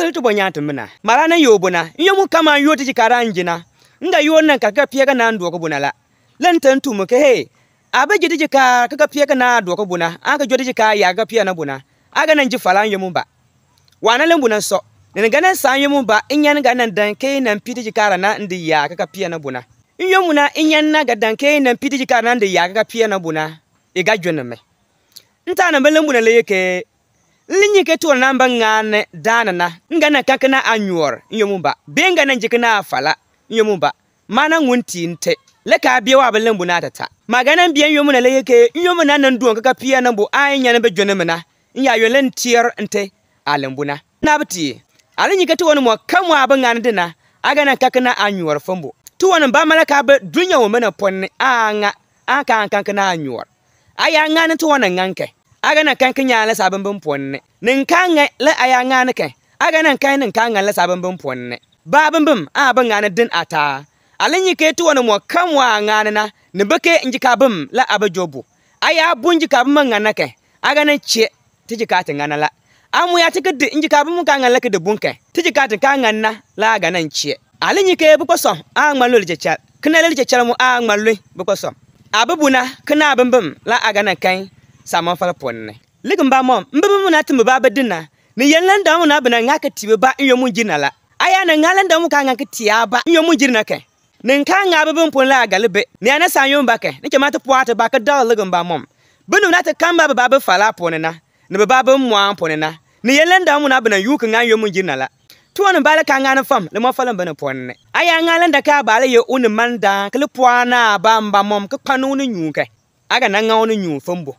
kpele to bonya to mna mara na yo bona nyo mu kama yo ti kara njina ga yo nan ka ka piega na ndo ko bona la len tan tu mu ke he abe je ti ka ka ka piega na ndo ko buna aka jo ti ka ya ga pia na bona aga nan ji falan yo mu ba wana len bona so ne ga nan san yo mu ba inyan ga nan dan ke nan piti ti kara na ndi ya ka ka pia na bona nyo mu na inyan na ga dan ke nan piti ti kara na ndi ya ka ka pia na bona e ga jo na me nta na melan bona le ke linyi ke tuwa namba ngane ŋaani daani na n gana kaki na a nyuor n yomu ba na njikina afala n mumba mana ngunti nte leka le wa a bia na a magana mbiye bia muna yomu na muna nanduwa na kaka pia nambu bo a n nyani bi joni mi na n yaa yoli n te a limbu na na bi tii a linyike ti wani mo ka mo a bi ŋani di na a gana kaki na a mala ka dunya wo mini ponni a ŋa a ka n na ŋani aga na kan kinya la sabin bin ponne nin kan ga la aya nga ne ke aga nan kan nin kan ga la sabin bin ponne ba bin bin a bin ne din ata alin yi ke tu wani mo kan wa nga ne na ni beke inji ka bin la abajobu aya ji ka bin ngane ke aga nan ti ji ka tin ngane la amu ya ti gidi inji ka bin kan ga la ke de ti ji ka tin kan ngane na la aga nan che alin yi ke bu ko so a ngman lo je cha kina le je cha mu a ngman lo bu ko so abubuna kana bin bin la aga nan kan saman fali puuni ligin ba mom n bibi muna timbi ba bi ni yɛn lan da muna bina ŋa ka ti ba n yɛ jina la aya na ŋa lan mu ka ŋa ka ti ya ba n yɛ mun jina kɛ nin ka ŋa bi bin pun la a ni ana san yun ba ke. ni kɛ ma ti puwa ba ka dɔl ligin ba mom bi na ti kan ba bi ba bi na ni bi ba bi mua puuni na ni yɛn lan da muna bina yu ka ŋa yɛ mun jina la tuwani bala ka ŋani fam li ma falin bini ponni aya ŋalin da ka bala ye uni man dan kili puana bamba mom ki kpanu ni nyuu ke aga na nga ni nyu fombo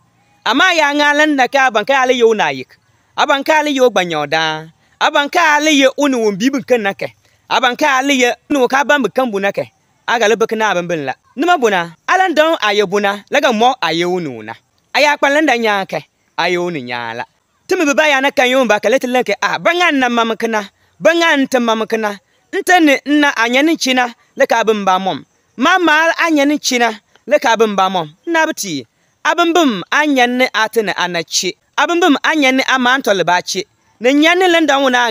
ama ya ngalan na ka ban ka ali yo nayik aban ka ali yo banyoda aban ka ali ye unu won bibin kan nake aban ka ali ye unu ka ban kan bu nake agale bek na ban bin la nima buna alan don aye buna laga mo aye unu na aya kpalan da nya ke aye unu nya la tumi bi baya na kan yo ba kale tilan ke ah bangan na mamkana bangan tan mamkana ntani na le china laka bin ba mom mama anyanin china laka bin ba mom na biti abimbim anyanni a anache abimbim anyanni amantolibache ni nyanni linda wuna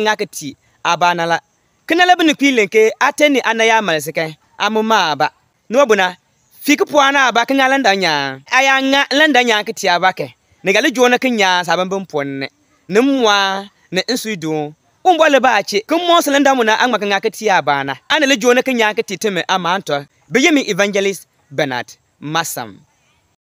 ba na la kina la bini kwilin ke a anaya ma amuma aba nwabuna fiki puana aba kinga linda nya aya nga linda nya ba abake ni gali jona kinya bin puwa ni mwa ni insuidu umbo le bache kin mo silinda muna ti a kiti abana ana le jona a kiti bi yi mi evangelist Bernard masam